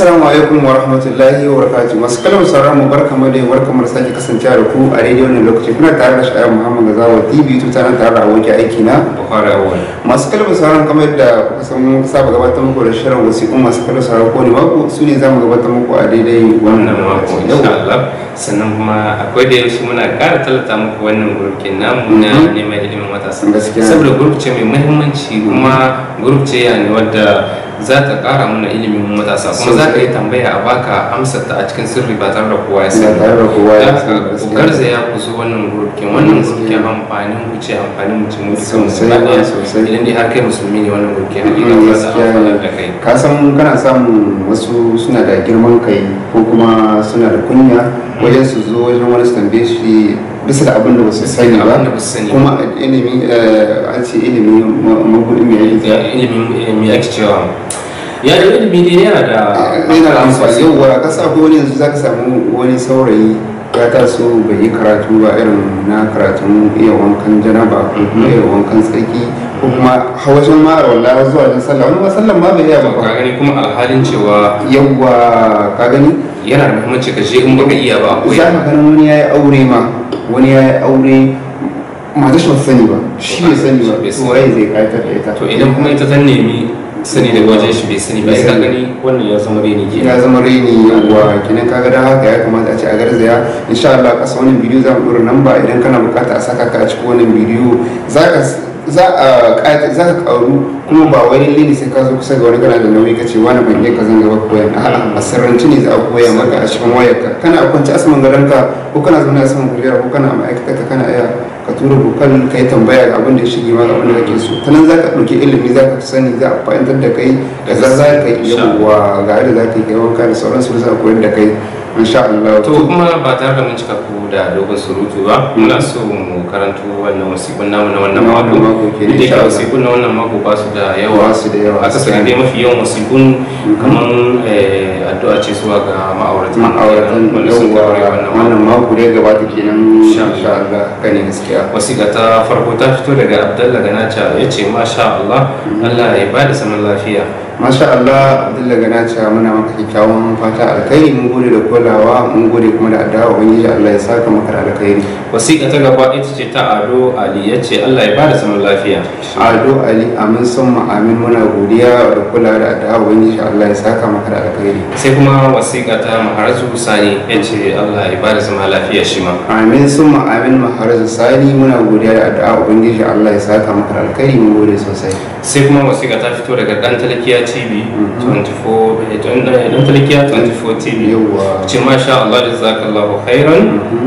Assalamu alaikum wa rahmatullahi wa barakatuh. Masu kalmar sauran mu barka mu da barka mu sake kasancewa da ku a rediyo wannan lokaci kuna tare da Shaibu Muhammad Gazawa TV tuta nan tare da abokin aiki na Bukhari Awal. Masu kalmar sauran kamar yadda kuka san mun saba gabatar muku da shirin kuma masu kalmar sauran ko ne mako su ne zamu gabatar muku a daidai wannan mako insha Allah. Sannan kuma akwai da yaushe muna ƙara talata muku wannan gurbin namu na mhm. neman ilimin matasa. Saboda gurbi ce mai muhimmanci kuma gurbi ce yana wadda za ta kara mana ilimin matasa kuma za ka yi tambaya a baka amsar ta a cikin sirri ba tare da kowa ya sani ba ku garzaya ku zo wannan gurkin wannan gurkin amfanin ku ce amfanin mu ce mu duka sosai idan dai har kai musulmi ne wannan gurkin a ba za a da kai ka san kana samun wasu suna da girman kai ko kuma suna da kunya wajen su zo wajen wani su tambaye shi bisa da abin da ba su sani ba kuma ilimi eh, an ce ilimin mabudin eh, mai ilimi ya cewa ya da ilimi ne yana da yana da amfani yauwa ka sa wani yanzu za ka samu wani saurayi ya taso bai yi karatu ba irin na karatun iya wankan janaba ko kuma iya wankan tsarki ko kuma hawashin ma wallah zuwa don sallah wani ma sallan ma bai iya ba ka gani kuma alhalin cewa yauwa ka gani yana da muhimmanci ka je in baka iya ba za ka ganin wani ya yi aure ma wani ya yi aure Ma mata shi sani ba shi ya sani ba to waye zai kayatar da ita to idan kuma ita ta nemi sani da wajen shi bai sani ba ka gani wannan ya zama reni ke ya zama reni wa kinan kaga da haka ya kamata a ce a garzaya insha Allah kasa wannan bidiyo za mu dora namba idan kana bukata a saka ka a cikin wannan bidiyo za ka za a za ka karu kuma ba wai lini sai ka zo kusa ga wani kana da nauyi kace wani ban iya ka zanga ba koyan a'a a sirrance ne za a koya maka a cikin wayarka kana kwanci asman garanka ko kana zama asman kuliyar ko kana ma'aikata kana iya tura dokar ka yi tambaya ga abin da ya shige ma abin da kake so ta nan za ka ɗauki ilimi za ka sani za a fahimtar da kai da za za ka yi yawa ga yadda za ka yi wanka da su za a koyar da kai insha Allah to kuma ba tare da mun cika ku da dogon surutu ba muna so mu karanto wannan wasiƙun namu na wannan mako duk da yake wasiƙun na wannan mako ba su da yawa A akasari dai mafi yawan wasiƙun mhm. kamar eh, addu'a ce zuwa ga ma'auratan ma'auratan wanda sun kawai wannan mako dai gaba ta kenan sha Allah kane gaskiya wasiƙa ta farko ta fito daga Abdallah Ganacha ya ce masha Allah mhm. Allah ya bada saman lafiya masha Allah duk da na cewa muna maka kyakkyawan fata alkhairi mun gode da kulawa mun gode kuma da addu'a ubangiji Allah ya saka maka da alkhairi wasiƙa ta gaba ita ce ta Ado Ali yace Allah ya bada sanin lafiya Ado Ali amin summa amin muna godiya da kulawa da addu'a ubangiji Allah ya saka maka da alkhairi sai kuma wasiƙa ta Maharazu Sani yace Allah ya bada zaman lafiya shi ma amin summa amin Maharazu Sani muna godiya da addu'a ubangiji Allah ya saka maka da alkhairi mun gode sosai sai kuma wasiƙa ta fito daga dan talakiya تي بي 24 عندنا لك اياها 24 تي بي ايوه ما شاء الله جزاك الله خيرا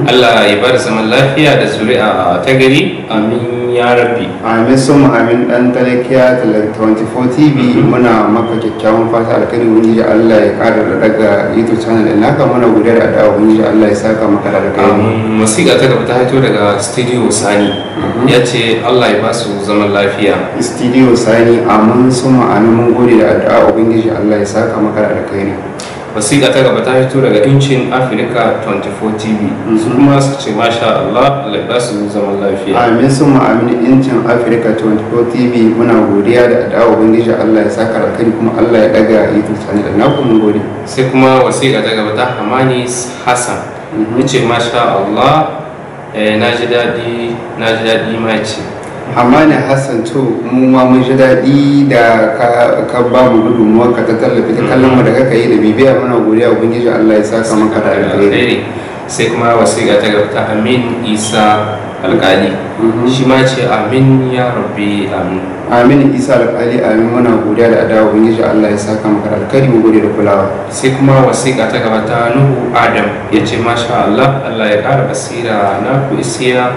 الله يبارك لك العافيه على الزريعه تقري امين ya rabbi amin sun amin dan talakiya 24 tv muna maka kyakkyawan fata alkhairi wani ji allah ya kara da daga youtube channel din naka muna gudar a dawo wani ji allah ya saka maka da daga musiga ta gaba ta haito daga studio sani mm-hmm. ya ce allah ya basu zaman lafiya studio sani amin sun amin mun gode da addu'a ubangiji allah ya saka maka da alkhairi wasiƙa ta gaba ta fito daga incin afirka 24 tv su mhm. kuma su ce masha allah da su zama lafiya amin sun ma'amin incin afirka 24 tv muna godiya da adawa ubangiji allah ya sa alkhairi kuma allah ya daga youtube channel na kuma gode sai kuma wasiƙa ta gaba ta hamani hassan ya mhm. ce masha allah eh, na ji daɗi na ji daɗi ma ce ne hassan to mu ma mun ji daɗi da ka ba mu gudunmuwar ka ta tallafi ta kallon mu da kaka yi da bibiya mana godiya ubangiji allah ya saka maka da alkhairi sai kuma wasiƙa ta gaba ta amin isa alƙali mhm. shi ma ce amin ya rabbi amin amin isa alƙali amin muna godiya da adawa ubangiji allah ya saka maka da alkhairi mu gode da kulawa sai kuma wasiƙa ta gaba ta nuhu adam ya ce masha allah allah ya ƙara basira na ku isiya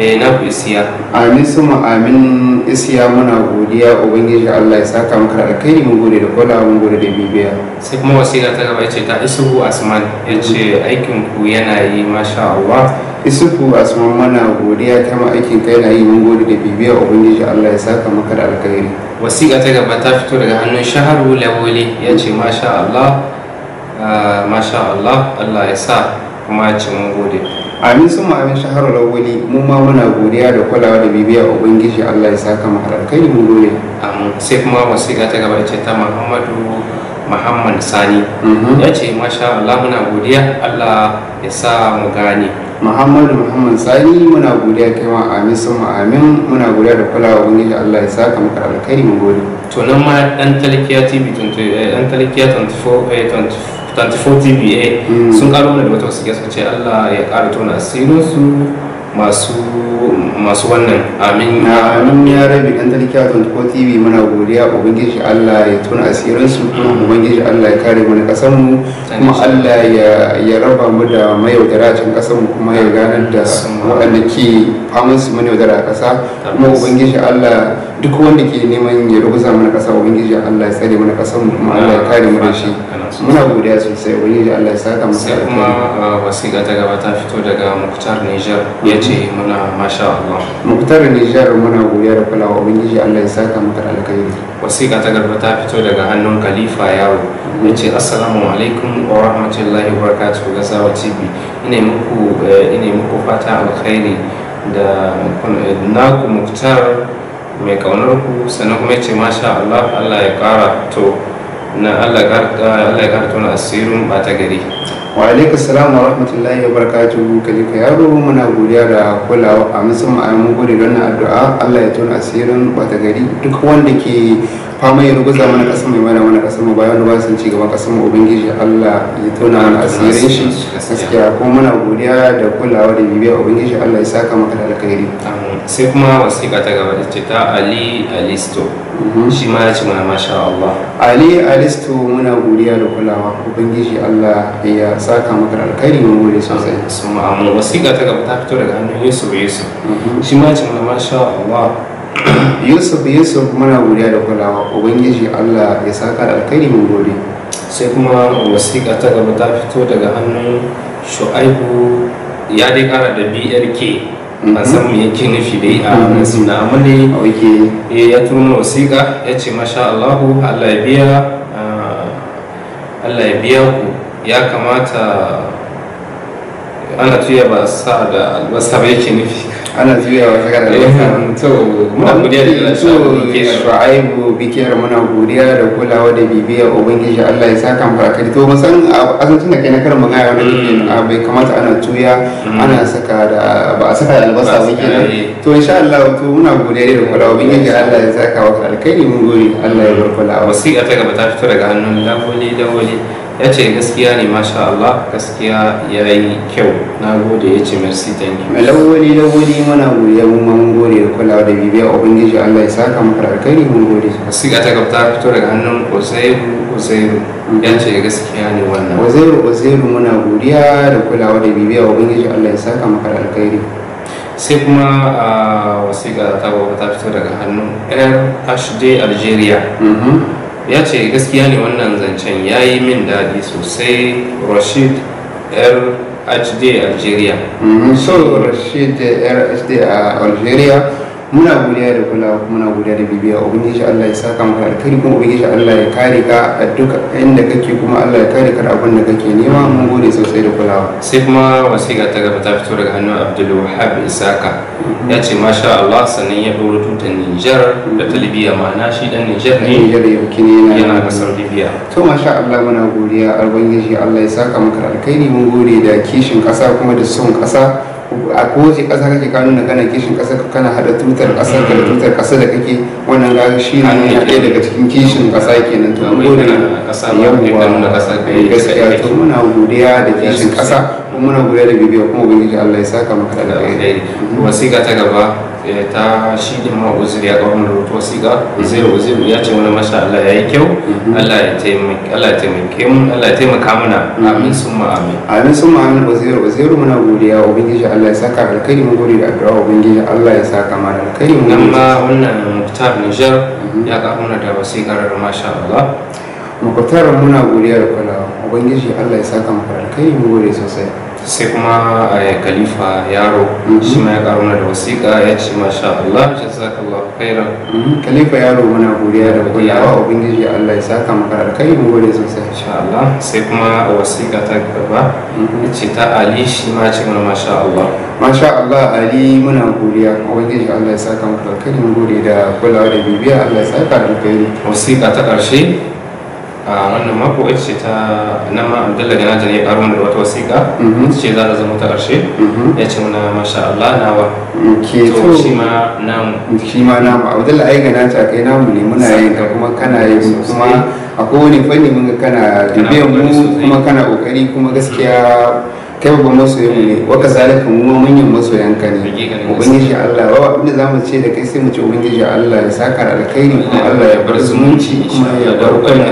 eh na ku isiya amin suma amin isiya muna godiya ubangiji Allah ya saka maka da alkhairi mun gode da kula mun gode da bibiya sai kuma wasila ta gaba ce ta isuhu asman yace aikin ku yana yi masha Allah isuhu asman muna godiya ta ma aikin kai yana yi mun gode da bibiya ubangiji Allah ya saka maka da alkhairi wasiƙa ta gaba ta fito daga hannun shaharu lawole ya ce masha Allah ah, masha Allah Allah ya sa kuma ya ce mun gode amin sun amin shaharar wani mu ma muna godiya da kulawa da bibiya ubangiji allah ya saka mu kai mu dole sai kuma ga ta gaba ce ta muhammadu muhammad sani mhm. ya ce masha allah muna godiya allah ya sa mu gane muhammadu muhammad sani muna godiya kai ma amin sun amin muna godiya da kulawa ubangiji allah ya saka mu kai mu dole to nan ma dan talkiya tv 24 24 gba mm. sun karo mana da wata wasu suka ce allah ya kara tona asirinsu masu masu wannan amin amin ya rabi dan talkiya 24 tv muna godiya ubangiji allah ya tona asirinsu kuma ubangiji allah ya kare mana kasanmu kuma allah ya raba mu da mayaudara a can kasanmu kuma ya ganar da waɗanda ke amin su mani wadara a ƙasa kuma ubangiji Allah duk wanda ke neman ya rubuta mana ƙasa ubangiji Allah ya tsare mana ƙasar mu kuma Allah ya kare mu da shi muna godiya sosai ubangiji Allah ya saka mu sai kuma wasiƙa ta gaba ta fito daga Muktar Niger ya ce muna masha Allah Muktar Niger muna godiya da kulawa ubangiji Allah ya saka maka da alkhairi wasiƙa ta gaba ta fito daga hannun khalifa yaro ya ce assalamu alaikum wa rahmatullahi wa barakatuhu ga sawa tv ina muku eh, muku fata alkhairi da eh, na ku muktar mai kaunar ku sannan kuma ce masha Allah Allah ya kara to na Allah ya kara na asirin ba ta gari wa alaika salamu wa rahmatullahi wa barakatuhu kalika yaro muna godiya da kulawa a musamman a mun gode don addu'a Allah ya tona asirin bata gari duk wanda ke fama ya ruguza mana kasar mai mana mana kasar mu bayan ruwa sun ci gaban kasar mu ubangiji Allah ya tona mana asirin shi gaskiya kuma muna godiya da kulawa da bibiyar ubangiji Allah ya saka maka da alkhairi amin sai kuma wasiƙa ta gaba da ce ta ali alisto mhm. shi ma ya ci mana masha Allah ali alisto muna godiya da kulawa ubangiji Allah ya saka maka da alkhairi mun gode sosai sun ma'amu wasiƙa ta gaba ta fito daga hannun yusuf yusuf mhm. shi ma ya ci mana masha Allah yusuf yusuf muna godiya da kulawa ubangiji Allah ya saka da alkhairi mun gode sai kuma wasiƙa ta gaba ta fito daga hannun shu'aibu ya dai kara da brk ban mu yake nufi dai a wannan suna eh, ya turo wasiƙa ya ce masha Allahu Allah ya ah, ku ya kamata ana tuya ba sa da albasa ba yake nufi ana juyawa tsakar da eh. so muna godiya da so shu'aibu bikiyar muna godiya da kulawa da bibiya ubangiji Allah ya saka mu barkati to musan asancin da kai na karin magana wani mm. ne bai kamata ana tuya mm. ana saka da ba a saka albasa ba kenan eh. to insha Allah to muna godiya da kulawa ubangiji Allah ya saka wa alkhairi mun gori Allah ya bar kulawa wasiƙa ta gaba ta fito daga hannun dawoli dawoli ya ce gaskiya ne masha Allah gaskiya ya yi kyau na gode ya ce merci thank you lawoli lawoli mana godiya mun ma mun gode da kulawa da bibiya ubangiji Allah ya saka maka da alkhairi mun gode wasiƙa ta gaba ta fito daga hannun Oseibu Oseibu ya ce gaskiya ne wannan Oseibu Oseibu muna godiya da kulawa da bibiya ubangiji Allah ya saka maka da alkhairi sai kuma a wasiƙa ta gaba ta fito daga hannun ƴan HD Algeria mm-hmm. ya ce gaskiya ne wannan zancen ya yi min daɗi sosai rashid r hd algeria mm-hmm. so rashid r a algeria muna godiya da kula muna godiya da bibiya ubangiji Allah ya saka maka alkhairi kuma ubangiji Allah ya kare ka a duk inda kake kuma Allah ya kare ka da abin da kake nema mun gode sosai da kulawa sai kuma wasiƙa ta gaba ta fito daga hannun Abdul Wahab Isaka ya ce masha Allah sannan ya ɗora tutan Nijar da ta Libya ma'ana shi dan Niger ne Nijar ya ne yana kasar Libya to masha Allah muna godiya ubangiji Allah ya saka maka alkhairi mun gode da kishin ƙasa kuma da son ƙasa a kowace ƙasa kake ka nuna kana kishin kasa ka kana hada tutar kasa ka tutar kasa da kake wannan ga shi na nuna ɗaya daga cikin kishin ƙasa kenan to gode yawwa eh, gaskiya to muna godiya da kishin kasa. muna godiya da bibiya kuma ubangiji Allah ya saka maka da alheri wasiƙa ta gaba eh, ta shi ne ma uzuri ya kawo mana wasiƙa uzuri uzuri ya ce wani masha Allah ya yi kyau mhm. Allah ya taimake Allah ya taimake mu Allah ya taimaka mana mhm. amin summa amin amin summa amin uzuri uzuri muna godiya ubangiji Allah ya saka alkhairi mun gode da addu'a ubangiji Allah ya saka mana alkhairi mun nan ma wannan muktar Niger mhm. ya kawo mana da wasiƙar masha Allah muktar muna godiya da kulawa ubangiji Allah ya saka maka alkhairi mu gode sosai sai kuma eh, khalifa yaro mhm. shi ma ya karo da wasiƙa ya ce masha Allah ya saka Allah khairan mhm. khalifa yaro muna godiya da kulawa ubangiji Allah ya saka maka kai mu gode sosai insha Allah sai kuma wasiƙa ta gaba mhm. ya ce ta Ali shi ma ce mana masha Allah masha Allah Ali muna godiya ubangiji Allah ya saka maka kai mu gode da kulawa da bibiya Allah ya saka kai. wasiƙa ta ƙarshe a wannan mako ita ce ta nan ma abdullahi da jani ya karo da wata wasiƙa mhm. ita ce za ta zama ta ƙarshe mhm. ya ce mana masha Allah nawa ke to shi ma namu shi ma namu abdullahi ai gana ta kai namu ne muna yin ka kuma kana yin kuma a kowane fanni mun ga kana dubiyan mu kuma kana kokari kuma gaskiya kai ba masu yi ne wa ka zalika mu ma manyan masoyan ka ne ubangiji Allah wa abinda mu ce da kai sai mu ce ubangiji Allah ya saka da alkhairi kuma Allah ya bar zumunci kuma ya bar kauna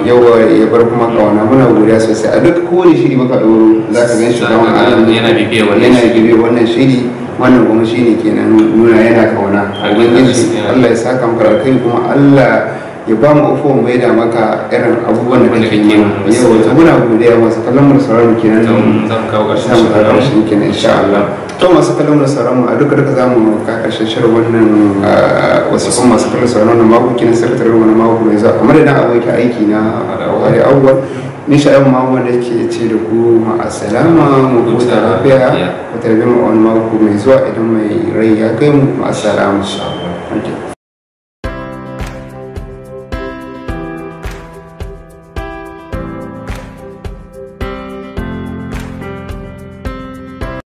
yawa ya bar kuma kawana muna godiya sosai a duk kowane shiri maka doro za ka gan shi wani alam yana bibiya wannan shiri wannan kuma shi ne kenan nuna yana kauna ubangiji Allah ya saka maka alkhairi kuma Allah ya ba mu ofo mu da maka irin abubuwan da kake yi yau wata muna godiya masu kallon mu sauran mu kenan za mu kawo ƙarshen shirin kenan insha Allah to masu kallon mu sauran mu a duka duka za mu ka ƙarshen shirin wannan ah, wasu kuma masu kallon sauran wannan mako kenan sai wani mako mai zuwa kamar da abokin aiki na wani awwal ni sha'ayin ma wanda ke ce da ku ma'asalama mu huta lafiya ku tarbi mu wani mako mai zuwa idan mai rai ya kai mu ma'asalama